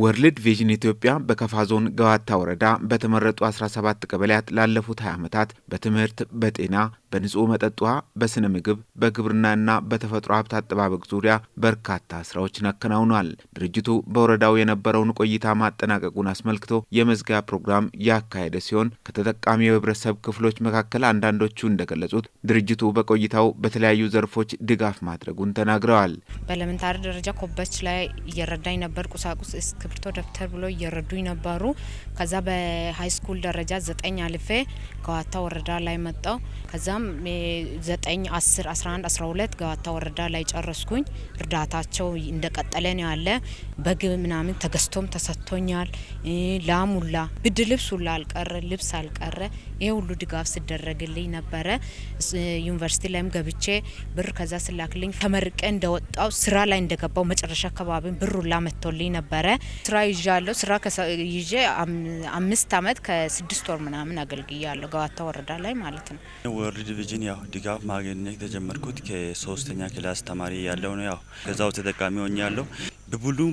ወርልድ ቪዥን ኢትዮጵያ በከፋ ዞን ገዋታ ወረዳ በተመረጡ 17 ቀበሌያት ላለፉት 20 ዓመታት በትምህርት፣ በጤና፣ በንጹህ መጠጥ ውሃ፣ በስነ ምግብ፣ በግብርናና በተፈጥሮ ሀብት አጠባበቅ ዙሪያ በርካታ ስራዎችን አከናውኗል። ድርጅቱ በወረዳው የነበረውን ቆይታ ማጠናቀቁን አስመልክቶ የመዝጊያ ፕሮግራም ያካሄደ ሲሆን ከተጠቃሚ የህብረተሰብ ክፍሎች መካከል አንዳንዶቹ እንደገለጹት ድርጅቱ በቆይታው በተለያዩ ዘርፎች ድጋፍ ማድረጉን ተናግረዋል። በኤሌመንታሪ ደረጃ ኮበች ላይ እየረዳኝ ነበር። ቁሳቁስ፣ እስክሪብቶ፣ ደብተር ብሎ እየረዱኝ ነበሩ። ከዛ በሃይስኩል ደረጃ ዘጠኝ አልፌ ከዋታ ወረዳ ላይ መጣው። ከዛ በጣም ዘጠኝ አስር አስራ አንድ አስራ ሁለት ገዋታ ወረዳ ላይ ጨረስኩኝ። እርዳታቸው እንደቀጠለ ነው ያለ። በግ ምናምን ተገዝቶም ተሰጥቶኛል። ላሙላ ብድ ልብስ ሁላ አልቀረ ልብስ አልቀረ። ይሄ ሁሉ ድጋፍ ስደረግልኝ ነበረ። ዩኒቨርሲቲ ላይም ገብቼ ብር ከዛ ስላክልኝ ተመርቀ እንደወጣው ስራ ላይ እንደገባው መጨረሻ አካባቢ ብር ሁላ መጥቶልኝ ነበረ። ስራ ይዣለሁ። ስራ ይዤ አምስት አመት ከስድስት ወር ምናምን አገልግያለሁ ገዋታ ወረዳ ላይ ማለት ነው። ወርድ ዲቪዥን ያው ድጋፍ ማግኘት የተጀመርኩት ከሶስተኛ ክላስ ተማሪ ያለው ነው። ያው ከዛው ተጠቃሚ ሆኛለሁ።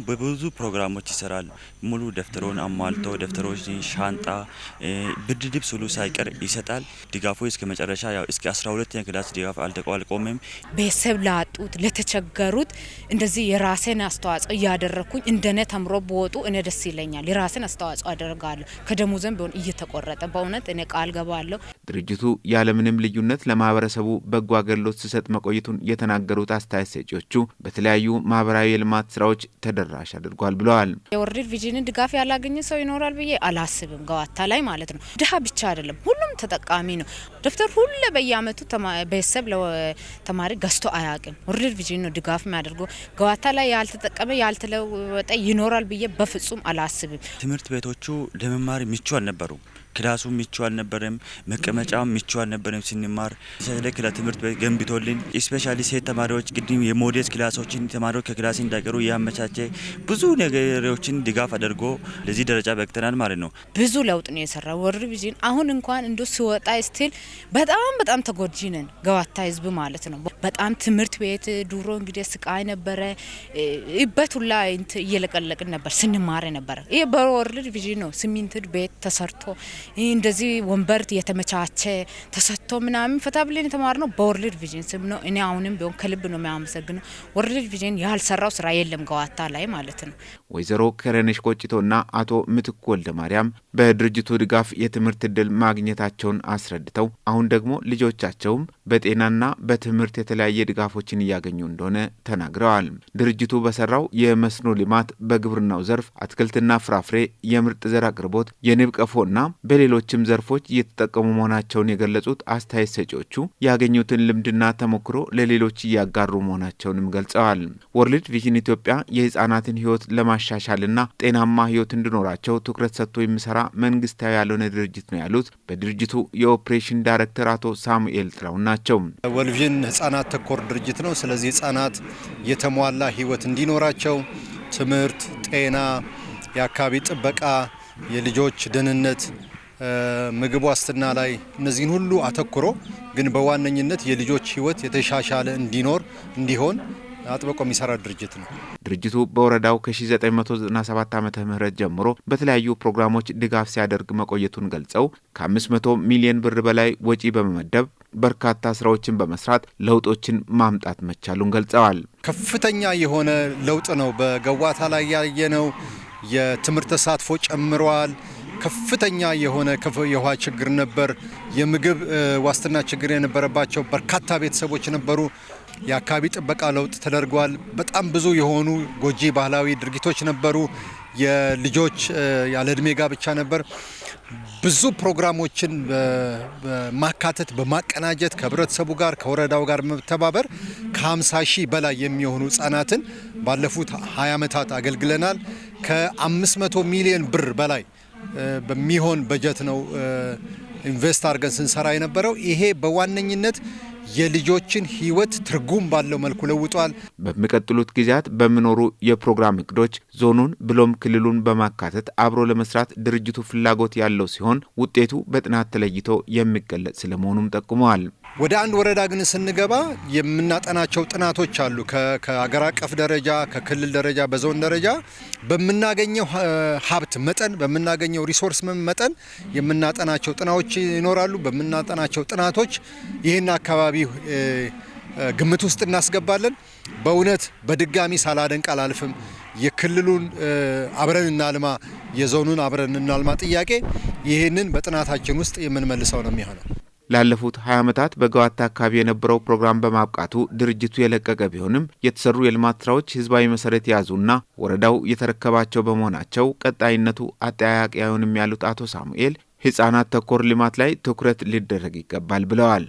በብዙ ፕሮግራሞች ይሰራል። ሙሉ ደብተሮን አሟልቶ ደብተሮች፣ ሻንጣ፣ ብርድ ልብስ ሁሉ ሳይቀር ይሰጣል። ድጋፉ እስከ መጨረሻ ያው እስከ 12ኛ ክላስ ድጋፍ አልተቋልቆምም። ቤተሰብ ላጡት ለተቸገሩት እንደዚህ የራሴን አስተዋጽኦ እያደረግኩኝ እንደነ ተምሮ በወጡ እኔ ደስ ይለኛል። የራሴን አስተዋጽኦ አደርጋለሁ። ከደሞዘም ቢሆን እየተቆረጠ በእውነት እኔ ቃል ገባለሁ። ድርጅቱ ያለምንም ልዩነት ለማህበረሰቡ በጎ አገልግሎት ሲሰጥ መቆየቱን የተናገሩት አስተያየት ሰጪዎቹ በተለያዩ ማህበራዊ የልማት ስራዎች ተደራሽ አድርጓል ብለዋል። የወርልድ ቪዥንን ድጋፍ ያላገኘ ሰው ይኖራል ብዬ አላስብም። ገዋታ ላይ ማለት ነው። ድሀ ብቻ አይደለም፣ ሁሉም ተጠቃሚ ነው። ደብተር ሁለ በየአመቱ ቤተሰብ ለተማሪ ገዝቶ አያውቅም። ወርልድ ቪዥን ነው ድጋፍ የሚያደርገው። ገዋታ ላይ ያልተጠቀመ ያልተለወጠ ይኖራል ብዬ በፍጹም አላስብም። ትምህርት ቤቶቹ ለመማር ምቹ አልነበሩም። ክላሱ ምቹ አልነበረም፣ መቀመጫው ምቹ አልነበረም። ስንማር ሰለ ክላ ገንብቶልን ስፔሻሊ ሴት ተማሪዎች ግድም የሞዴስ ክላሶችን ተማሪዎች ከክላስ እንዳይቀሩ ያመቻቸ ብዙ ነገሮችን ድጋፍ አድርጎ ለዚህ ደረጃ በቅተናል ማለት ነው። ብዙ ለውጥ ነው የሰራ ወርድ ቢዚን አሁን እንኳን እንዶ ሲወጣ ስቲል በጣም በጣም ተጎጂ ነን ገዋታ ህዝብ ማለት ነው። በጣም ትምህርት ቤት ድሮ እንግዲህ ስቃይ ነበረ። ይበቱላ እየለቀለቅን ነበር ስንማር ነበረ። ይሄ በወርልድ ቪዥን ነው ሲሚንትድ ቤት ተሰርቶ ይህ እንደዚህ ወንበር የተመቻቸ ተሰጥቶ ምናምን ፈታ ብለን የተማርነው በወርልድ ቪዥን ስም ነው። እኔ አሁንም ቢሆን ከልብ ነው የሚያመሰግነው። ወርልድ ቪዥን ያልሰራው ስራ የለም ገዋታ ላይ ማለት ነው። ወይዘሮ ከረነሽ ቆጭቶና አቶ ምትኩ ወልደ ማርያም በድርጅቱ ድጋፍ የትምህርት እድል ማግኘታቸውን አስረድተው አሁን ደግሞ ልጆቻቸውም በጤናና በትምህርት የተለያየ ድጋፎችን እያገኙ እንደሆነ ተናግረዋል። ድርጅቱ በሰራው የመስኖ ልማት፣ በግብርናው ዘርፍ አትክልትና ፍራፍሬ፣ የምርጥ ዘር አቅርቦት፣ የንብ ቀፎና በሌሎችም ዘርፎች እየተጠቀሙ መሆናቸውን የገለጹት አስተያየት ሰጪዎቹ ያገኙትን ልምድና ተሞክሮ ለሌሎች እያጋሩ መሆናቸውንም ገልጸዋል። ወርልድ ቪዥን ኢትዮጵያ የህጻናትን ህይወት ለማሻሻልና ጤናማ ህይወት እንዲኖራቸው ትኩረት ሰጥቶ የሚሰራ መንግስታዊ ያልሆነ ድርጅት ነው ያሉት በድርጅቱ የኦፕሬሽን ዳይሬክተር አቶ ሳሙኤል ጥላውን ናቸው። ወርልድ ቪዥን ህጻናት ተኮር ድርጅት ነው። ስለዚህ ህጻናት የተሟላ ህይወት እንዲኖራቸው ትምህርት፣ ጤና፣ የአካባቢ ጥበቃ፣ የልጆች ደህንነት ምግብ ዋስትና ላይ እነዚህን ሁሉ አተኩሮ ግን በዋነኝነት የልጆች ህይወት የተሻሻለ እንዲኖር እንዲሆን አጥብቆ የሚሰራ ድርጅት ነው። ድርጅቱ በወረዳው ከ1997 ዓ ም ጀምሮ በተለያዩ ፕሮግራሞች ድጋፍ ሲያደርግ መቆየቱን ገልጸው ከ500 ሚሊዮን ብር በላይ ወጪ በመመደብ በርካታ ስራዎችን በመስራት ለውጦችን ማምጣት መቻሉን ገልጸዋል። ከፍተኛ የሆነ ለውጥ ነው በገዋታ ላይ ያየነው። የትምህርት ተሳትፎ ጨምረዋል። ከፍተኛ የሆነ የውሃ ችግር ነበር። የምግብ ዋስትና ችግር የነበረባቸው በርካታ ቤተሰቦች ነበሩ። የአካባቢ ጥበቃ ለውጥ ተደርጓል። በጣም ብዙ የሆኑ ጎጂ ባህላዊ ድርጊቶች ነበሩ። የልጆች ያለ እድሜ ጋብቻ ነበር። ብዙ ፕሮግራሞችን በማካተት በማቀናጀት ከህብረተሰቡ ጋር ከወረዳው ጋር መተባበር ከ50 ሺህ በላይ የሚሆኑ ህጻናትን ባለፉት 20 ዓመታት አገልግለናል። ከ500 ሚሊዮን ብር በላይ በሚሆን በጀት ነው ኢንቨስት አድርገን ስንሰራ የነበረው። ይሄ በዋነኝነት የልጆችን ህይወት ትርጉም ባለው መልኩ ለውጧል። በሚቀጥሉት ጊዜያት በሚኖሩ የፕሮግራም እቅዶች ዞኑን ብሎም ክልሉን በማካተት አብሮ ለመስራት ድርጅቱ ፍላጎት ያለው ሲሆን ውጤቱ በጥናት ተለይቶ የሚገለጽ ስለመሆኑም ጠቁመዋል። ወደ አንድ ወረዳ ግን ስንገባ የምናጠናቸው ጥናቶች አሉ። ከሀገር አቀፍ ደረጃ፣ ከክልል ደረጃ፣ በዞን ደረጃ በምናገኘው ሀብት መጠን በምናገኘው ሪሶርስ መጠን የምናጠናቸው ጥናዎች ይኖራሉ። በምናጠናቸው ጥናቶች ይህን አካባቢ ግምት ውስጥ እናስገባለን። በእውነት በድጋሚ ሳላደንቅ አላልፍም። የክልሉን አብረን እናልማ፣ የዞኑን አብረን እናልማ ጥያቄ ይህንን በጥናታችን ውስጥ የምንመልሰው ነው የሚሆነው። ላለፉት 20 ዓመታት በገዋታ አካባቢ የነበረው ፕሮግራም በማብቃቱ ድርጅቱ የለቀቀ ቢሆንም የተሰሩ የልማት ስራዎች ህዝባዊ መሰረት የያዙና ወረዳው የተረከባቸው በመሆናቸው ቀጣይነቱ አጠያያቂ አይሆንም ያሉት አቶ ሳሙኤል ህጻናት ተኮር ልማት ላይ ትኩረት ሊደረግ ይገባል ብለዋል።